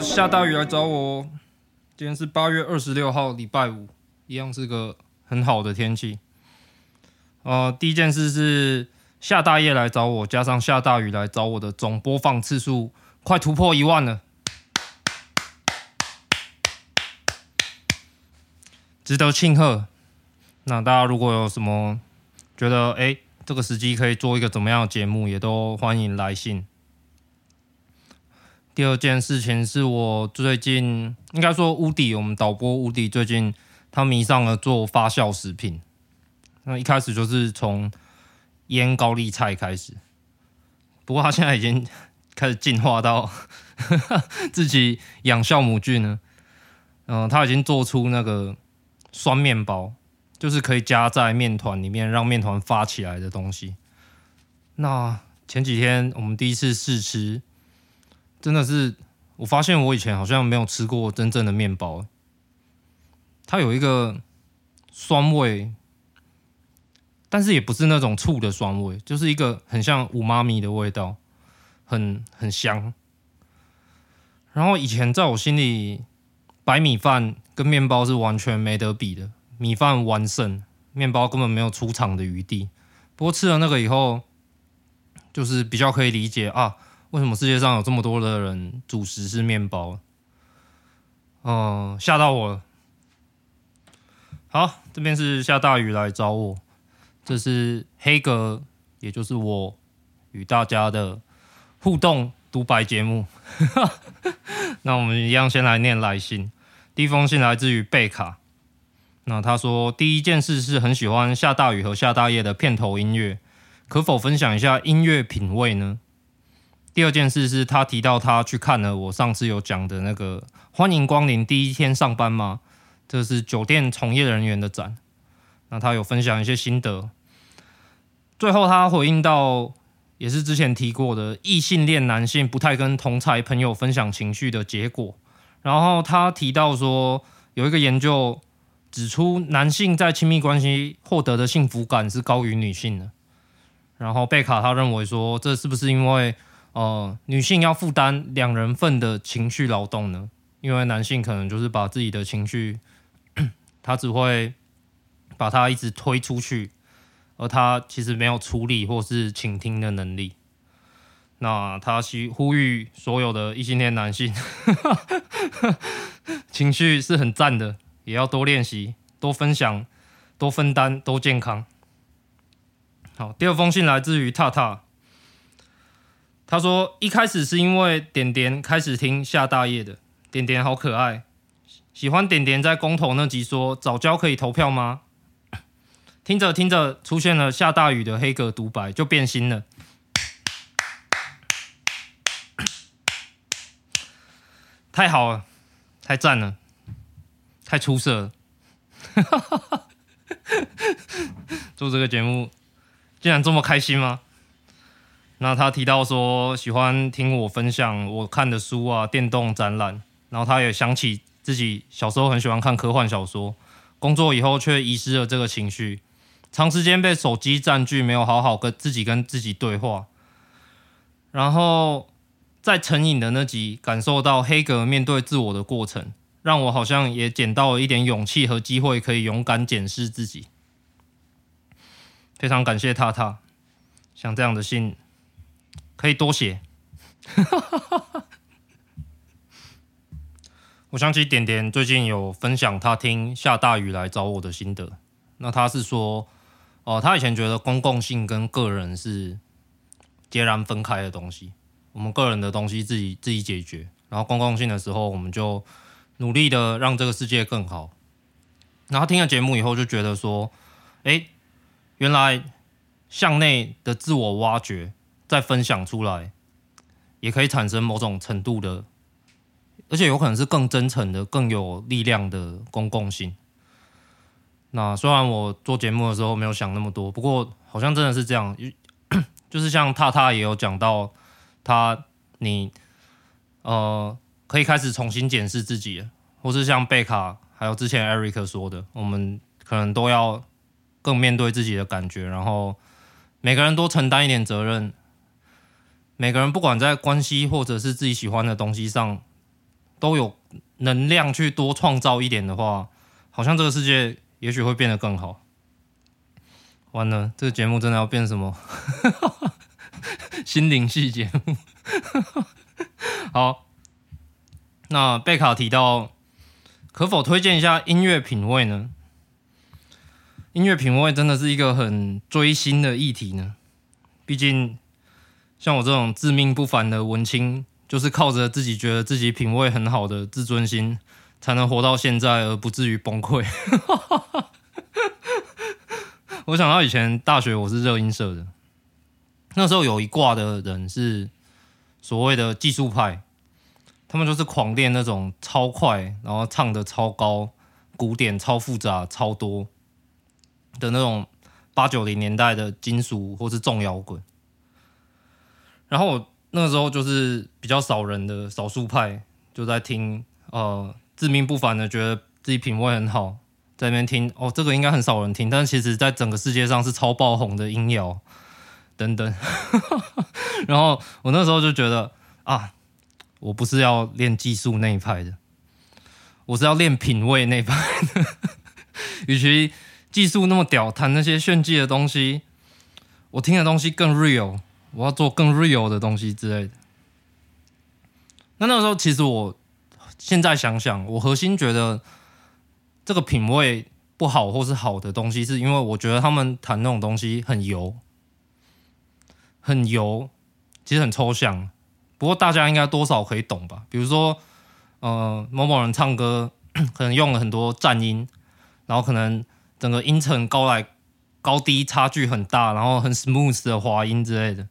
下大雨來找我哦。今天是八月二十六號，禮拜五，一樣是個很好的天氣。呃，第一件事是下大夜來找我，加上下大雨來找我的總播放次數快突破一萬了，值得慶賀。那大家如果有什麼覺得哎、欸，這個時機可以做一個怎麼樣的節目，也都歡迎來信。第二件事情是我最近應該說屋笛，我們導播屋笛最近他迷上了做發酵食品。那一開始就是從醃高麗菜開始，不過他現在已經開始進化到 自己養酵母菌了。嗯、呃，他已經做出那個酸麵包，就是可以加在麵團裡面讓麵團發起來的東西。那前幾天我們第一次試吃。真的是，我發現我以前好像沒有吃過真正的麵包。它有一個酸味，但是也不是那種醋的酸味，就是一個很像旨味的味道，很很香。然後以前在我心裡，白米飯跟麵包是完全沒得比的，米飯完勝，麵包根本沒有出場的餘地。不過吃了那個以後，就是比較可以理解啊。為什麼世界上有這麼多的人主食是麵包啊？哦、嗯，嚇到我了。好，這邊是下大雨來找我，這是黑格，也就是我與大家的互動獨白節目。 那我們一樣先來念來信。第一封信來自於貝卡，那他說第一件事是很喜歡下大雨和下大夜的片頭音樂，可否分享一下音樂品味呢？第二件事是他提到他去看了我上次有講的那個“歡迎光臨”第一天上班嗎？這是酒店從業人員的展。那他有分享一些心得。最後他回應到，也是之前提過的異性戀男性不太跟同儕朋友分享情緒的結果。然後他提到說，有一個研究指出，男性在親密關係獲得的幸福感是高於女性的。然後貝卡他認為說，這是不是因為？哦、呃，女性要負擔兩人份的情緒勞動呢，因為男性可能就是把自己的情緒，他只會把他一直推出去，而他其實沒有處理或是傾聽的能力。那他呼籲所有的異性戀男性， 情緒是很讚的，也要多練習、多分享、多分擔、多健康。好，第二封信來自於踏踏。他說：“一開始是因為點點開始聽下大夜的，點點好可愛，喜歡點點在公投那集說早教可以投票嗎？聽着聽着出現了下大雨的黑格獨白，就變心了。 太好了，太讚了，太出色了！ 做這個節目竟然這麼開心嗎、啊？”那他提到說喜歡聽我分享我看的書啊、電動、展覽，然後他也想起自己小時候很喜歡看科幻小說，工作以後卻遺失了這個情緒，長時間被手機占據，沒有好好跟自己跟自己對話。然後在成癮的那集，感受到黑格面對自我的過程，讓我好像也撿到了一點勇氣和機會，可以勇敢檢視自己。非常感謝踏踏，像這樣的信。可以多寫。 我想起點點最近有分享他聽下大雨來找我的心得。那他是說，哦、呃，他以前覺得公共性跟個人是截然分開的東西，我們個人的東西自己自己解決，然後公共性的時候，我們就努力的讓這個世界更好。然後聽了節目以後，就覺得說，哎，原來向內的自我挖掘。再分享出來，也可以產生某種程度的，而且有可能是更真誠的、更有力量的公共性。那雖然我做節目的時候沒有想那麼多，不過好像真的是這樣。 就是像踏踏也有講到，他你呃可以開始重新檢視自己，或是像貝卡還有之前艾瑞克說的，我們可能都要更面對自己的感覺，然後每個人多承擔一點責任。每個人不管在關係或者是自己喜歡的東西上，都有能量去多創造一點的話，好像這個世界也許會變得更好。完了，這個節目真的要變什麼？ 心靈系節目？ 好。那貝卡提到，可否推薦一下音樂品味呢？音樂品味真的是一個很追星的議題呢，畢竟。像我這種自命不凡的文青，就是靠着自己覺得自己品味很好的自尊心，才能活到現在而不至於崩潰。 我想到以前大學我是熱音社的，那時候有一掛的人是所謂的技術派，他們就是狂練那種超快，然後唱得超高，鼓點、超複雜、超多的那種八九零年代的金屬或是重搖滾。然後我那個時候就是比較少人的少數派，就在聽呃自命不凡的，覺得自己品味很好，在那邊聽哦，這個應該很少人聽，但其實在整個世界上是超爆紅的音樂，等等。 然後我那時候就覺得啊，我不是要練技術那一派的，我是要練品味那一派的。 與其技術那麼屌，彈那些炫技的東西，我聽的東西更 real。我要做更 real 的東西之類的。那那個時候，其實我現在想想，我核心覺得這個品味不好或是好的東西，是因為我覺得他們彈那種東西很油，很油，其實很抽象。不過大家應該多少可以懂吧？比如說，呃，某某人唱歌可能用了很多顫音，然後可能整個音程高來高低差距很大，然後很 smooth 的滑音之類的。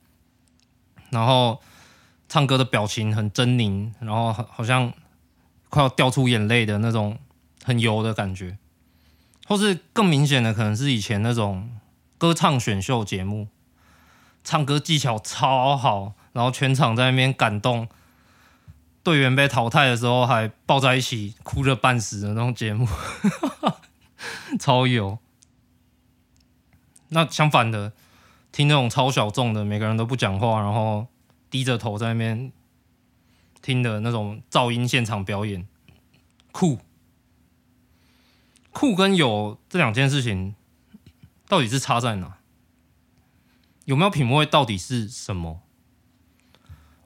然後唱歌的表情很猙獰，然後好好像快要掉出眼淚的那種很油的感覺，或是更明顯的可能是以前那種歌唱選秀節目，唱歌技巧超好，然後全場在那邊感動，隊員被淘汰的時候還抱在一起哭着半死的那種節目， 超油。那相反的。聽那種超小眾的，每個人都不講話，然後低着頭在那邊聽的那種噪音現場表演，酷。酷跟有這兩件事情到底是差在哪？有沒有品味到底是什麼？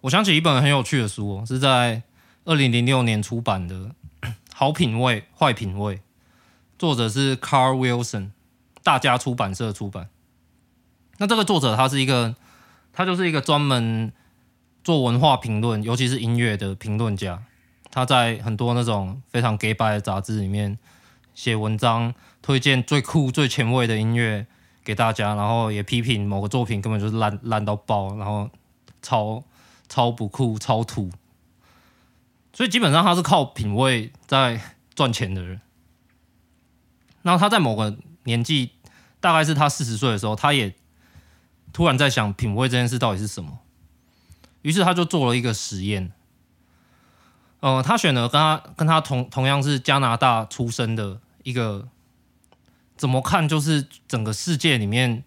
我想起一本很有趣的書哦，是在二零零六年出版的呵呵《好品味、壞品味》，作者是 Carl Wilson，大家出版社出版。那這個作者他是一個，他就是一個專門做文化評論，尤其是音樂的評論家。他在很多那種非常 gay 掰的雜誌裡面寫文章，推薦最酷、最前衛的音樂給大家，然後也批評某個作品根本就是爛，爛到爆，然後超超不酷、超土。所以基本上他是靠品味在賺錢的人。那他在某個年紀，大概是他四十歲的時候，他也。突然在想品味這件事到底是什麼，於是他就做了一個實驗。呃，他選了跟他跟他同同樣是加拿大出生的一個，怎麼看就是整個世界裡面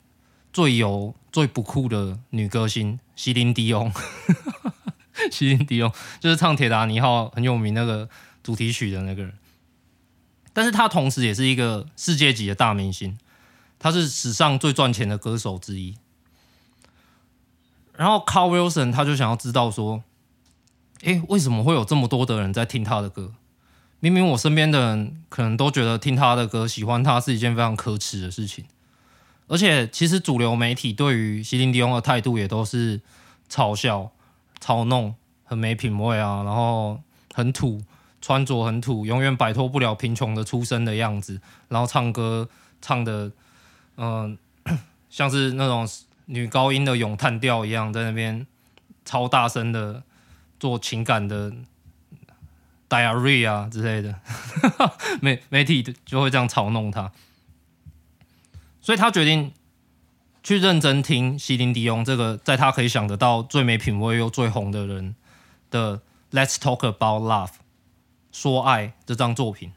最油最不酷的女歌星席琳迪翁，席 琳迪翁就是唱《鐵達尼號》很有名那個主題曲的那個人。但是他同時也是一個世界級的大明星，他是史上最賺錢的歌手之一。然後，Carl Wilson，他就想要知道說，哎，為什麼會有這麼多的人在聽他的歌？明明我身邊的人可能都覺得聽他的歌、喜歡他是一件非常可恥的事情。而且，其實主流媒體對於席琳·迪翁的態度也都是嘲笑、嘲弄、很沒品味啊，然後很土，穿着很土，永遠擺脫不了貧窮的出身的樣子，然後唱歌唱的，嗯、呃，像是那種。女高音的詠嘆調一樣，在那邊超大聲的做情感的 diary 啊之類的，媒 媒體就會這樣嘲弄他，所以他決定去認真聽席琳迪翁這個在他可以想得到最沒品味又最紅的人的 Let's talk about love 說愛這張作品，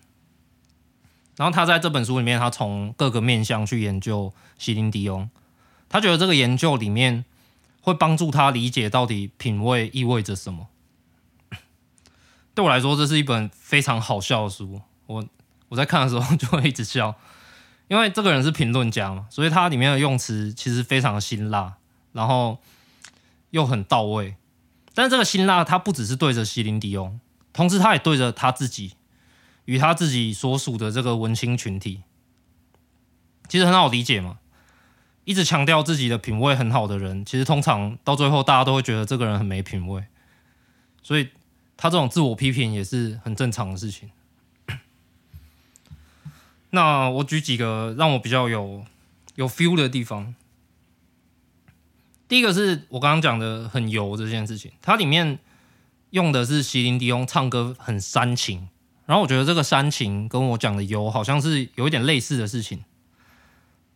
然後他在這本書裡面，他從各個面向去研究席琳迪翁。他覺得這個研究裡面會幫助他理解到底品味意味着什麼。對我來說，這是一本非常好笑的書。我我在看的時候就會一直笑，因為這個人是評論家嘛，所以他裡面的用詞其實非常的辛辣，然後又很到位。但是這個辛辣，他不只是對着席琳狄翁，同時他也對着他自己與他自己所屬的這個文青群體，其實很好理解嘛。一直強調自己的品味很好的人，其實通常到最後，大家都會覺得這個人很沒品味。所以，他這種自我批評也是很正常的事情。 那我舉幾個讓我比較有有 feel 的地方。第一個是我剛剛講的很油這件事情，它裡面用的是席琳迪翁唱歌很煽情，然後我覺得這個煽情跟我講的油好像是有一點類似的事情。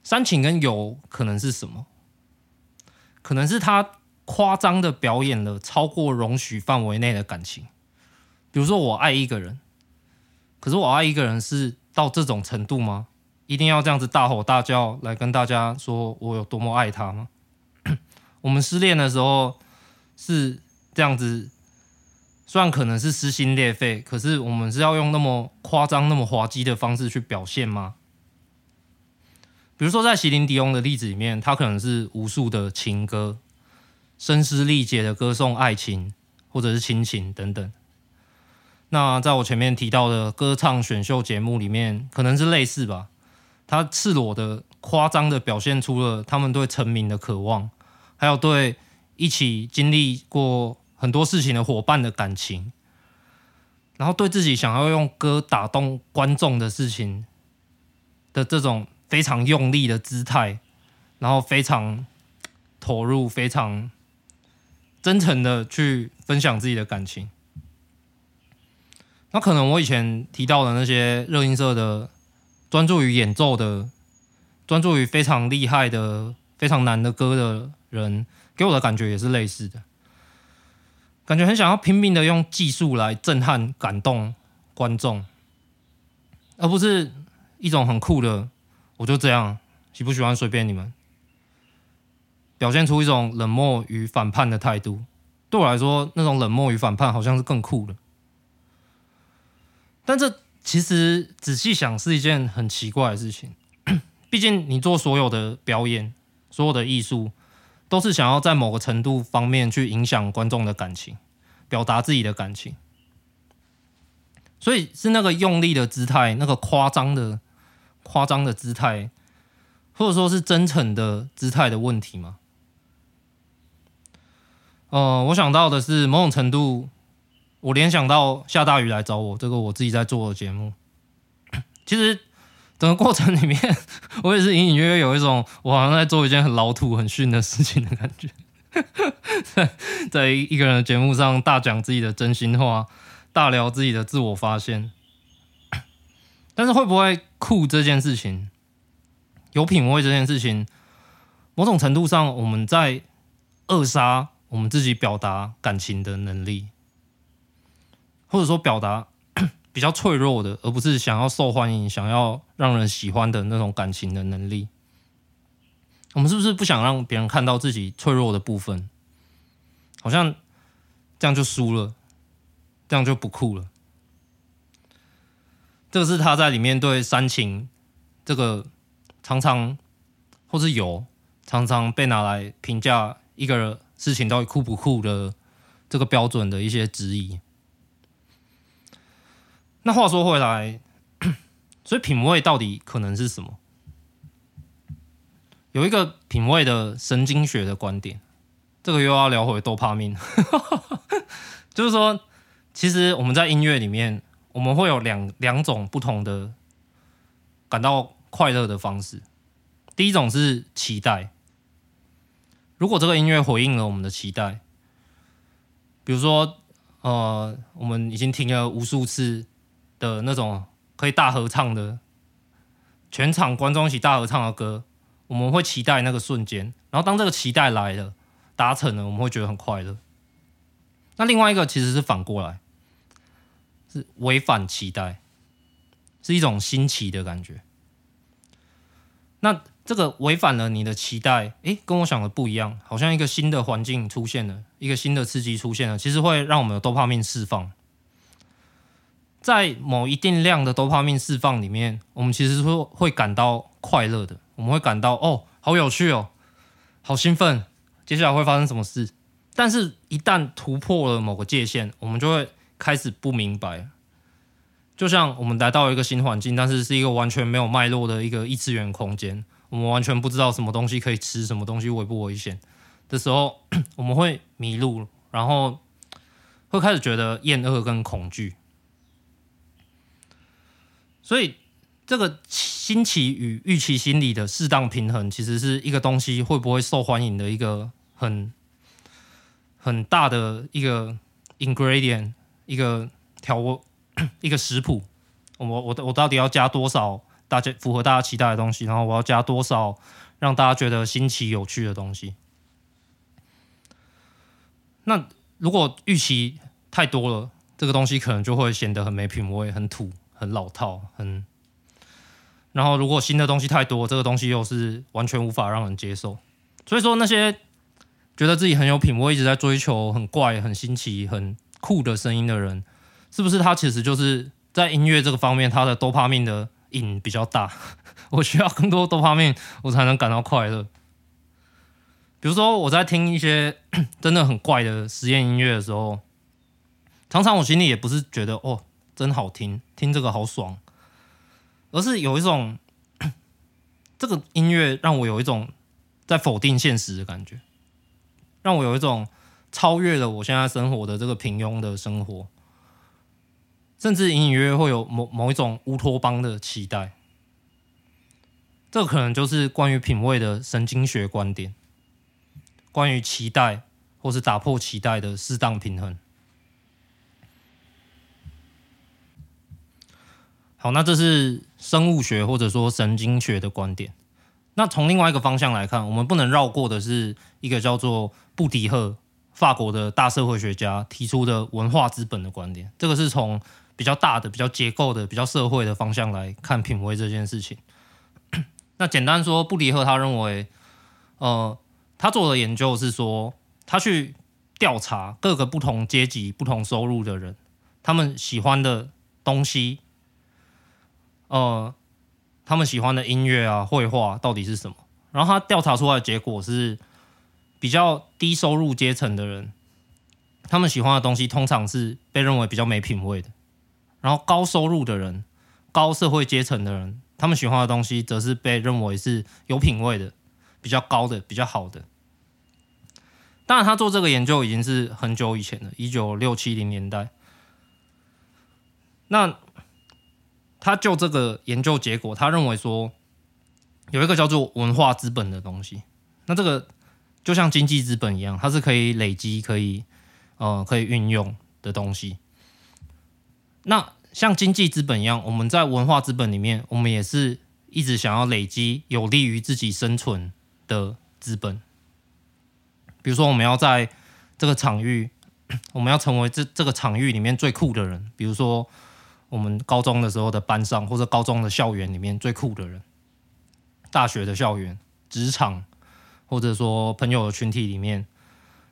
煽情跟有可能是什麼？可能是他誇張的表演了超過容許範圍內的感情。比如說，我愛一個人，可是我愛一個人是到這種程度嗎？一定要這樣子大吼大叫來跟大家說我有多麼愛他嗎？我們失戀的時候是這樣子，雖然可能是撕心裂肺，可是我們是要用那麼誇張、那麼滑稽的方式去表現嗎？比如說，在席琳·迪翁的例子裡面，他可能是無數的情歌，聲嘶力竭的歌頌愛情，或者是親情等等。那在我前面提到的歌唱選秀節目裡面，可能是類似吧。他赤裸的、誇張的表現出了他們對成名的渴望，還有對一起經歷過很多事情的夥伴的感情，然後對自己想要用歌打動觀眾的事情的這種，非常用力的姿態，然後非常投入、非常真誠的去分享自己的感情。那可能我以前提到的那些熱音社的、專注於演奏的、專注於非常厲害的、非常難的歌的人，給我的感覺也是類似的，感覺很想要拼命的用技術來震撼、感動觀眾，而不是一種很酷的。我就這樣喜不喜歡隨便你們，表現出一種冷漠與反叛的態度，對我來說，那種冷漠與反叛好像是更酷的。但這其實仔細想是一件很奇怪的事情， 畢竟你做所有的表演，所有的藝術，都是想要在某個程度方面去影響觀眾的感情，表達自己的感情。所以是那個用力的姿態，那個誇張的。誇張的姿態，或者說是真誠的姿態的問題嗎？哦、呃，我想到的是某種程度，我聯想到下大雨來找我這個我自己在做的節目。其實整個過程裡面，我也是隱隱約約有一種我好像在做一件很老土、很遜的事情的感覺， 在一個人的節目上大講自己的真心話，大聊自己的自我發現。但是會不會酷這件事情，有品味這件事情，某種程度上，我們在扼殺我們自己表達感情的能力，或者說表達 比較脆弱的，而不是想要受歡迎、想要讓人喜歡的那種感情的能力。我們是不是不想讓別人看到自己脆弱的部分？好像這樣就輸了，這樣就不酷了。這個是他在裡面對煽情這個常常或是有常常被拿來評價一個事情到底酷不酷的這個標準的一些質疑。那話說回來，所以品味到底可能是什麼？有一個品味的神經學的觀點，這個又要聊回多巴胺， 就是說，其實我們在音樂裡面。我們會有兩兩種不同的感到快樂的方式。第一種是期待，如果這個音樂回應了我們的期待，比如說，呃，我們已經聽了無數次的那種可以大合唱的，全場觀眾一起大合唱的歌，我們會期待那個瞬間。然後當這個期待來了、達成了，我們會覺得很快樂。那另外一個其實是反過來。是違反期待，是一種新奇的感覺。那這個違反了你的期待，哎、欸，跟我想的不一樣，好像一個新的環境出現了，一個新的刺激出現了，其實會讓我們的多巴胺釋放。在某一定量的多巴胺釋放裡面，我們其實會會感到快樂的，我們會感到哦，好有趣哦，好興奮，接下來會發生什麼事？但是，一旦突破了某個界限，我們就會。開始不明白，就像我們來到一個新環境，但是是一個完全沒有脈絡的一個異次元空間，我們完全不知道什麼東西可以吃，什麼東西危不危險的時候，我們會迷路，然後會開始覺得厭惡跟恐懼。所以，這個新奇與預期心理的適當平衡，其實是一個東西會不會受歡迎的一個很很大的一個 ingredient。一個調一個食譜，我我我到底要加多少大？大家符合大家期待的東西，然後我要加多少讓大家覺得新奇有趣的東西？那如果預期太多了，這個東西可能就會顯得很沒品味、很土、很老套、很。然後如果新的東西太多，這個東西又是完全無法讓人接受。所以說，那些覺得自己很有品味、一直在追求很怪、很新奇、很。酷的聲音的人，是不是他其實就是在音樂這個方面，他的多巴胺的癮比較大？ 我需要更多多巴胺，我才能感到快樂。比如說，我在聽一些 真的很怪的實驗音樂的時候，常常我心裡也不是覺得哦，真好聽，聽這個好爽，而是有一種 這個音樂讓我有一種在否定現實的感覺，讓我有一種。超越了我現在生活的這個平庸的生活，甚至隱隱約約會有某某一種烏托邦的期待。這可能就是關於品味的神經學觀點，關於期待或是打破期待的適當平衡。好，那這是生物學或者說神經學的觀點。那從另外一個方向來看，我們不能繞過的是一個叫做布迪厄。法國的大社會學家提出的文化資本的觀點，這個是從比較大的、比較結構的、比較社會的方向來看品味這件事情。 那簡單說，布迪厄他認為，呃，他做的研究是說，他去調查各個不同階級、不同收入的人，他們喜歡的東西，呃，他們喜歡的音樂啊、繪畫到底是什麼？然後他調查出來的結果是。比較低收入階層的人，他們喜歡的東西通常是被認為比較沒品味的。然後高收入的人、高社會階層的人，他們喜歡的東西則是被認為是有品味的、比較高的、比較好的。當然，他做這個研究已經是很久以前了，一九六零、七零年代。那他就這個研究結果，他認為說有一個叫做文化資本的東西。那這個。就像經濟資本一樣，它是可以累積、可以呃可以運用的東西。那像經濟資本一樣，我們在文化資本裡面，我們也是一直想要累積有利於自己生存的資本。比如說，我們要在這個場域，我們要成為這這個場域裡面最酷的人。比如說，我們高中的時候的班上，或者高中的校園裡面最酷的人，大學的校園、職場。或者說朋友的群體裡面，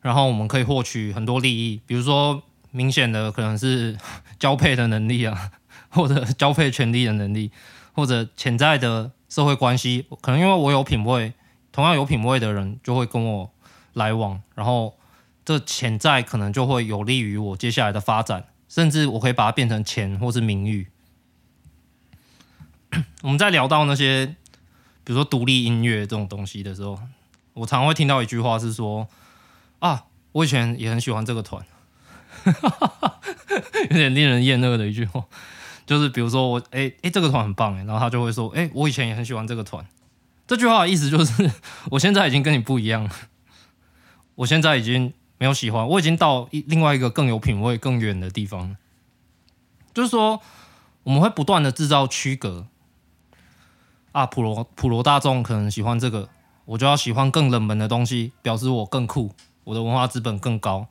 然後我們可以獲取很多利益，比如說明顯的可能是交配的能力啊，或者交配權利的能力，或者潛在的社會關係。可能因為我有品味，同樣有品味的人就會跟我來往，然後這潛在可能就會有利於我接下來的發展，甚至我可以把它變成錢或是名譽。 我們在聊到那些比如說獨立音樂這種東西的時候。我常會聽到一句話是說：“啊，我以前也很喜歡這個團， 有點令人厭惡的一句話，就是比如說我，哎、欸、哎、欸，這個團很棒，哎，然後他就會說，哎、欸，我以前也很喜歡這個團。”這句話的意思就是，我現在已經跟你不一樣了，我現在已經沒有喜歡，我已經到另外一個更有品味、更遠的地方了。就是說，我們會不斷的製造區隔。啊，普羅普羅大眾可能喜歡這個。我就要喜歡更冷門的東西，表示我更酷，我的文化資本更高。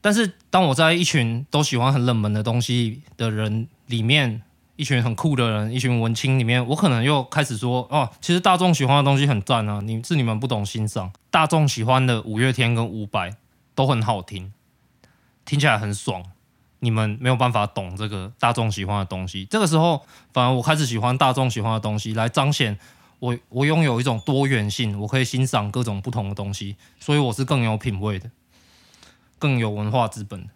但是，當我在一群都喜歡很冷門的東西的人裡面，一群很酷的人，一群文青裡面，我可能又開始說：“哦、啊，其實大眾喜歡的東西很讚啊，你是你們不懂欣賞，大眾喜歡的五月天跟伍佰都很好聽，聽起來很爽，你們沒有辦法懂這個大眾喜歡的東西。”這個時候，反而我開始喜歡大眾喜歡的東西，來彰顯。我我擁有一種多元性，我可以欣賞各種不同的東西，所以我是更有品味的，更有文化資本的。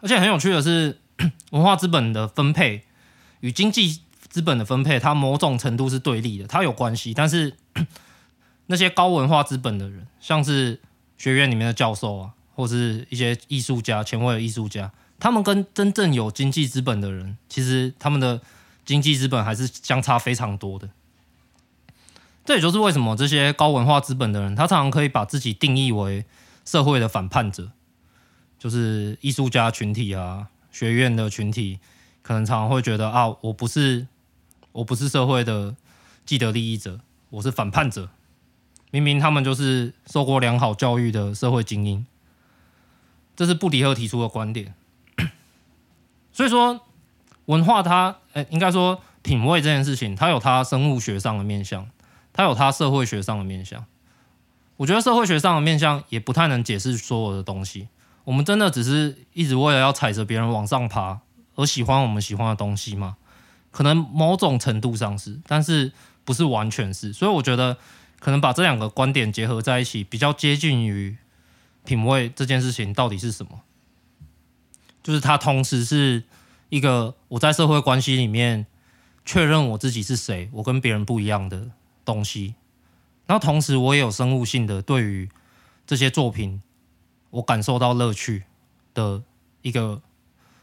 而且很有趣的是，文化資本的分配與經濟資本的分配，它某種程度是對立的，它有關係。但是那些高文化資本的人，像是學院裡面的教授啊，或者是一些藝術家、前衛的藝術家，他們跟真正有經濟資本的人，其實他們的經濟資本還是相差非常多的。這也就是為什麼這些高文化資本的人，他常常可以把自己定義為社會的反叛者，就是藝術家群體啊、學院的群體，可能常常會覺得啊，我不是，我不是社會的既得利益者，我是反叛者。明明他們就是受過良好教育的社會精英，這是布迪厄提出的觀點。所以說，文化他，哎，應該說品味這件事情，他有他生物學上的面向。他有他社會學上的面向，我覺得社會學上的面向也不太能解釋所有的東西。我們真的只是一直為了要踩着別人往上爬而喜歡我們喜歡的東西嗎？可能某種程度上是，但是不是完全是。所以我覺得可能把這兩個觀點結合在一起，比較接近於品味這件事情到底是什麼，就是它同時是一個我在社會關係裡面確認我自己是誰，我跟別人不一樣的。東西，然後同時我也有生物性的對於這些作品，我感受到樂趣的一個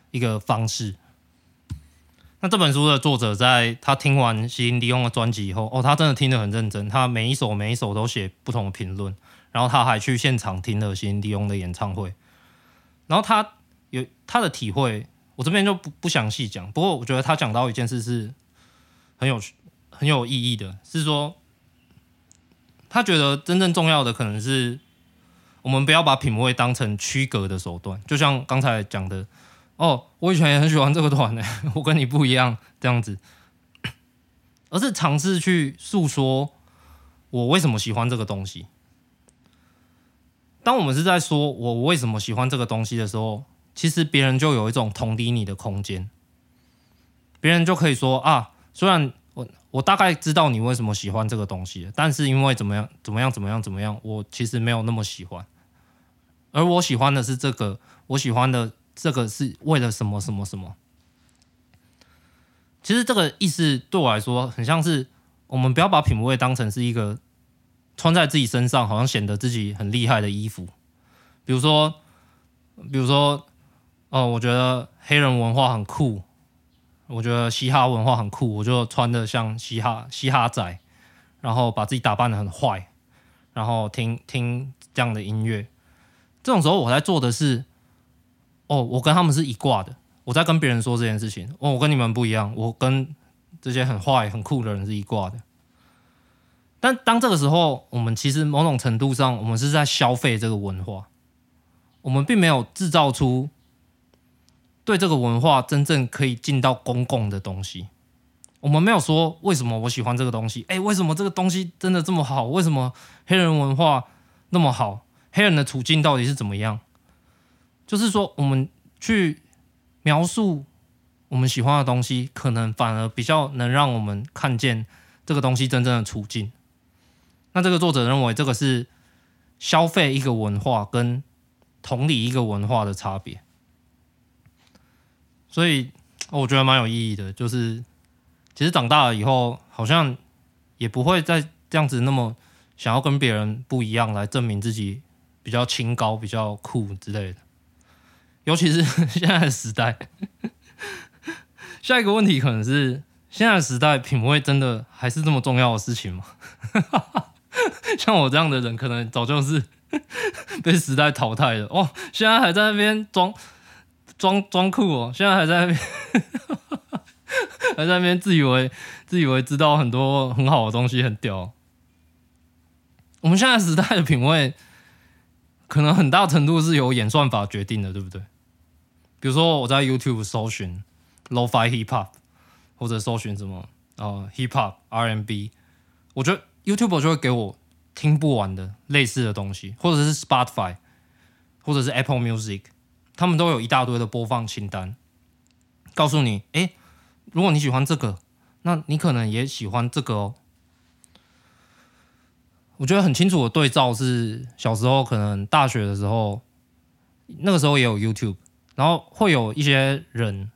一個方式。那這本書的作者在他聽完席琳迪翁的專輯以後，哦，他真的聽得很認真，他每一首每一首都寫不同的評論，然後他還去現場聽了席琳迪翁的演唱會，然後他有他的體會，我這邊就不不詳細講。不過我覺得他講到一件事是很有趣，很有意義的，是說他覺得真正重要的可能是我們不要把品味當成區隔的手段，就像剛才講的，哦，我以前也很喜歡這個團呢，我跟你不一樣這樣子，而是嘗試去訴說我為什麼喜歡這個東西。當我們是在說我為什麼喜歡這個東西的時候，其實別人就有一種同理你的空間，別人就可以說啊，雖然。我大概知道你為什麼喜歡這個東西，但是因為怎麼樣，怎麼樣，怎麼樣，怎麼樣，我其實沒有那麼喜歡。而我喜歡的是這個，我喜歡的這個是為了什麼什麼什麼？其實這個意思對我來說，很像是我們不要把品味當成是一個穿在自己身上，好像顯得自己很厲害的衣服。比如說，比如說，哦，呃，我覺得黑人文化很酷。我覺得嘻哈文化很酷，我就穿的像嘻哈嘻哈仔，然後把自己打扮的很壞，然後聽聽這樣的音樂。這種時候我在做的是，哦，我跟他們是一掛的，我在跟別人說這件事情。哦，我跟你們不一樣，我跟這些很壞很酷的人是一掛的。但當這個時候，我們其實某種程度上，我們是在消費這個文化，我們並沒有制造出。對這個文化真正可以進到公共的東西，我們沒有說為什麼我喜歡這個東西。哎，為什麼這個東西真的這麼好？為什麼黑人文化那麼好？黑人的處境到底是怎麼樣？就是說，我們去描述我們喜歡的東西，可能反而比較能讓我們看見這個東西真正的處境。那這個作者認為，這個是消費一個文化跟同理一個文化的差別。所以，我覺得蠻有意義的。就是，其實長大了以後，好像也不會再這樣子那麼想要跟別人不一樣，來證明自己比較清高、比較酷之類的。尤其是現在的時代，下一個問題可能是：現在的時代品味真的還是這麼重要的事情嗎？像我這樣的人，可能早就是被時代淘汰了。哦，現在還在那邊裝。裝裝酷哦、喔，現在還在那邊呵呵，還在那邊自以為自以為知道很多很好的東西，很屌。我們現在時代的品味，可能很大程度是由演算法決定的，對不對？比如說我在 YouTube 搜尋 Lo-Fi Hip Hop，或者搜尋什麼啊、呃、Hip Hop R&B，我覺得 YouTube 就會給我聽不完的類似的東西，或者是 Spotify，或者是 Apple Music。他們都有一大堆的播放清單，告訴你，誒，如果你喜歡這個，那你可能也喜歡這個哦。我覺得很清楚的對照是小時候，可能大學的時候，那個時候也有 YouTube，然後會有一些人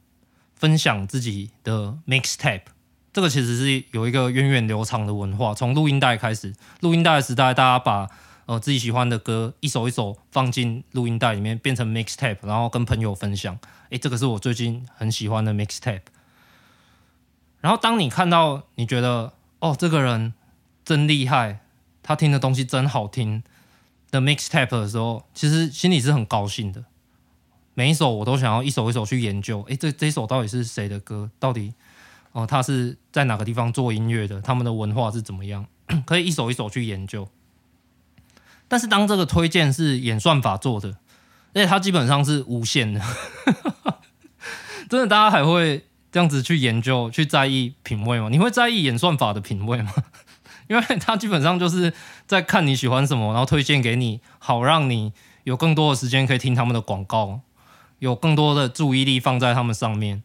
分享自己的 mixtape。這個其實是有一個源遠流長的文化，從錄音帶開始，錄音帶時代，大家把呃，自己喜歡的歌，一首一首放進錄音帶裡面，變成 mixtape，然後跟朋友分享。哎，這個是我最近很喜歡的 mixtape。然後當你看到你覺得，哦，這個人真厲害，他聽的東西真好聽的 mixtape 的時候，其實心裡是很高興的。每一首我都想要一首一首去研究。哎，這這首到底是誰的歌？到底哦、呃，他是在哪個地方做音樂的？他們的文化是怎麼樣？可以一首一首去研究。但是當這個推薦是演算法做的，而且它基本上是無限的， 真的，大家還會這樣子去研究、去在意品味嗎？你會在意演算法的品味嗎？因為它基本上就是在看你喜歡什麼，然後推薦給你，好讓你有更多的時間可以聽他們的廣告，有更多的注意力放在他們上面，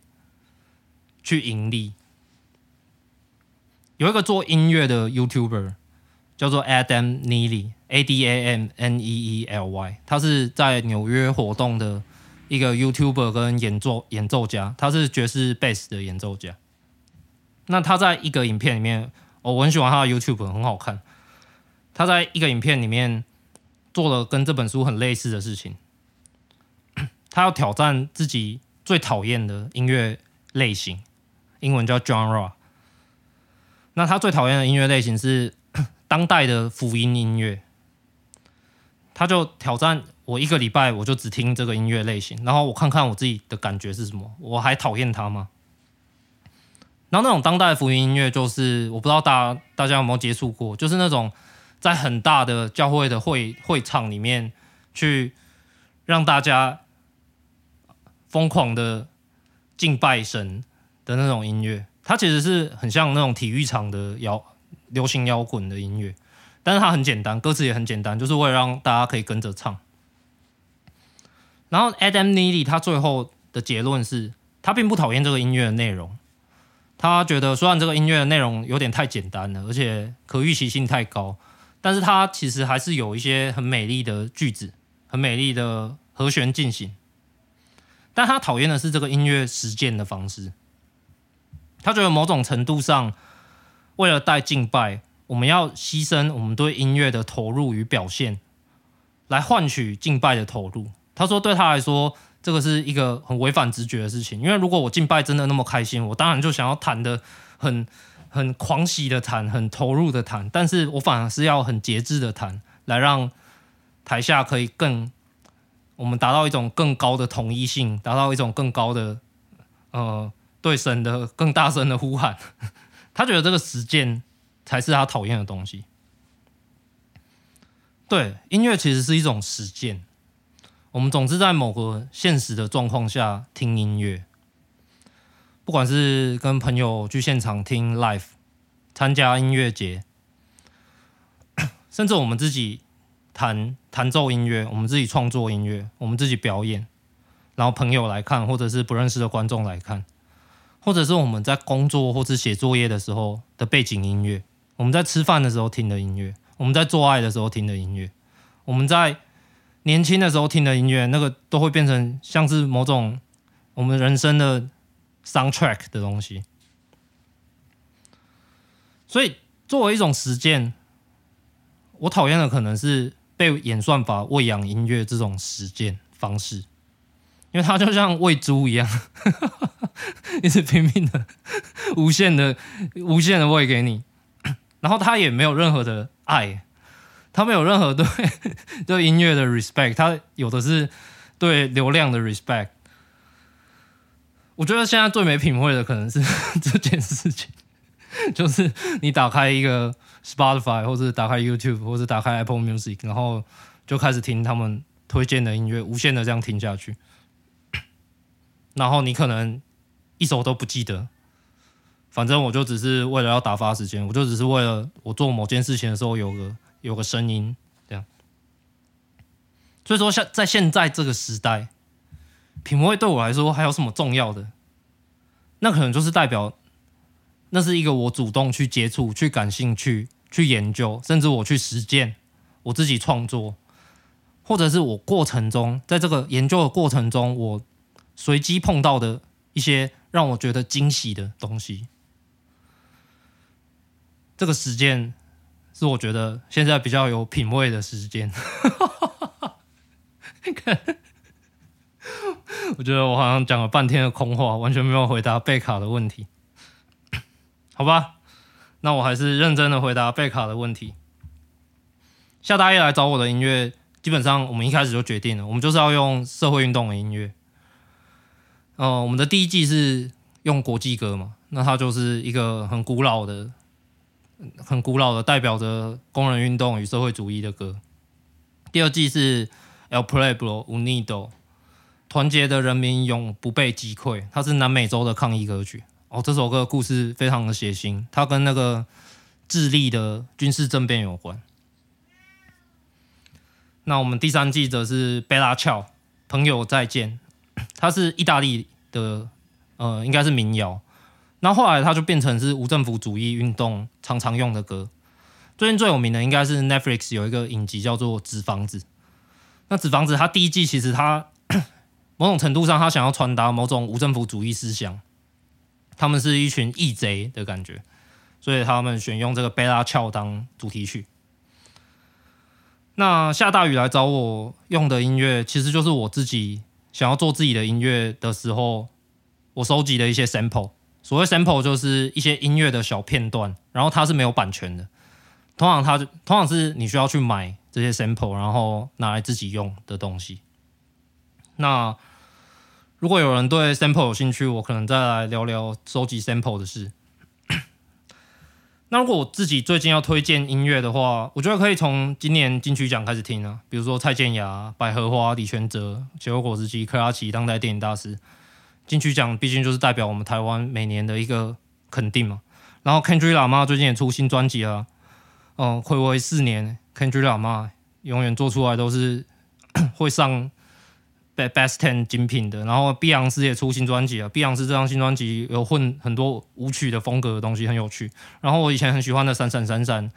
去盈利。有一個做音樂的 YouTuber 叫做 Adam Neely。Adam Neely，他是在紐約活動的一個 YouTuber 跟演奏演奏家，他是爵士貝斯的演奏家。那他在一個影片裡面，哦，我很喜歡他的 YouTube，很好看。他在一個影片裡面做了跟這本書很類似的事情， 他要挑戰自己最討厭的音樂類型，英文叫 genre。那他最討厭的音樂類型是 當代的福音音樂。他就挑戰我一個禮拜，我就只聽這個音樂類型，然後我看看我自己的感覺是什麼，我還討厭他嗎？然後那種當代福音音樂，就是我不知道大大家有沒有接觸過，就是那種在很大的教會的會會場裡面去讓大家瘋狂的敬拜神的那種音樂，它其實是很像那種體育場的搖，流行搖滾的音樂。但是它很簡單，歌詞也很簡單，就是為了讓大家可以跟着唱。然後 Adam Neely 他最後的結論是，他並不討厭這個音樂的內容。他覺得雖然這個音樂的內容有點太簡單了，而且可預期性太高，但是他其實還是有一些很美麗的句子，很美麗的和弦進行。但他討厭的是這個音樂實踐的方式。他覺得某種程度上，為了帶敬拜。我們要犧牲我們對音樂的投入與表現，來換取敬拜的投入。他說，對他來說，這個是一個很違反直覺的事情。因為如果我敬拜真的那麼開心，我當然就想要彈的很很狂喜的彈，很投入的彈。但是我反而是要很節制的彈，來讓台下可以更，我們達到一種更高的統一性，達到一種更高的呃對神的更大聲的呼喊。他覺得這個實踐。才是他討厭的東西。對，音樂其實是一種實踐。我們總是在某個現實的狀況下聽音樂，不管是跟朋友去現場聽 live，參加音樂節，甚至我們自己彈彈奏音樂，我們自己創作音樂，我們自己表演，然後朋友來看，或者是不認識的觀眾來看，或者是我們在工作或是寫作業的時候的背景音樂。我們在吃飯的時候聽的音樂，我們在做愛的時候聽的音樂，我們在年輕的時候聽的音樂，那個都會變成像是某種我們人生的 soundtrack 的東西。所以，作為一種實踐，我討厭的可能是被演算法餵養音樂這種實踐方式，因為它就像餵豬一樣，哈哈哈，一直拼命的、無限的、無限的餵給你。然後他也沒有任何的愛，他沒有任何對對音樂的 respect，他有的是對流量的 respect。我覺得現在最沒品味的可能是這件事情，就是你打開一個 Spotify，或者打開 YouTube，或者打開 Apple Music，然後就開始聽他們推薦的音樂，無限的這樣聽下去，然後你可能一首都不記得。反正我就只是為了要打發時間，我就只是為了我做某件事情的時候有個有個聲音這樣。所以說，像在現在這個時代，品味對我來說還有什麼重要的？那可能就是代表，那是一個我主動去接觸、去感興趣、去研究，甚至我去實踐、我自己創作，或者是我過程中在這個研究的過程中，我隨機碰到的一些讓我覺得驚喜的東西。這個時間是我覺得現在比較有品味的時間。你看，我覺得我好像講了半天的空話，完全沒有回答貝卡的問題。好吧，那我還是認真的回答貝卡的問題。下大夜來找我的音樂，基本上我們一開始就決定了，我們就是要用社會運動的音樂。哦、呃，我們的第一季是用國際歌嘛？那它就是一個很古老的。很古老的，代表着工人運動與社會主義的歌。第二季是 El Pueblo Unido，團結的人民永不被擊潰。它是南美洲的抗議歌曲。哦，這首歌故事非常的血腥，它跟那個智利的軍事政變有關。那我們第三季則是貝拉喬，朋友再見。它是意大利的，呃，應該是民謠。那後,後來，他就變成是無政府主義運動常常用的歌。最近最有名的應該是 Netflix 有一個影集叫做《紙房子》。那《紙房子》它第一季其實它 某種程度上，他想要傳達某種無政府主義思想，他們是一群義賊的感覺，所以他們選用這個 Bella Ciao 當主題曲。那下大雨來找我用的音樂，其實就是我自己想要做自己的音樂的時候，我收集的一些 sample。所謂 sample 就是一些音樂的小片段，然後它是沒有版權的。通常它通常是你需要去買這些 sample，然後拿來自己用的東西。那如果有人對 sample 有興趣，我可能再來聊聊收集 sample 的事。 那如果我自己最近要推薦音樂的話，我覺得可以從今年金曲獎開始聽啊，比如說蔡健雅、百合花、李權哲、血肉果汁機、珂拉琪、當代電影大師。金曲獎畢竟就是代表我們台灣每年的一個肯定嘛。然後 Kendrick Lamar 最近也出新專輯啊，嗯、呃，睽違四年 Kendrick Lamar 永遠做出來都是會上 Best Ten 精品的。然後碧昂斯也出新專輯啊，碧昂斯這張新專輯有混很多舞曲的風格的東西，很有趣。然後我以前很喜歡的閃閃閃閃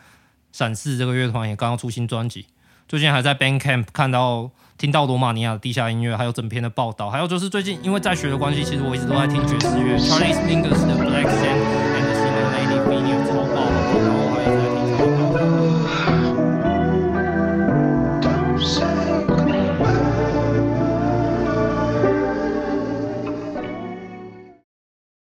閃四這個樂團也剛剛出新專輯。最近還在 Bandcamp 看到、聽到羅馬尼亞的地下音樂，還有整篇的報道。還有就是最近因為在學的關係，其實我一直都在聽爵士樂，Chinese Fingers 的 Black Sand。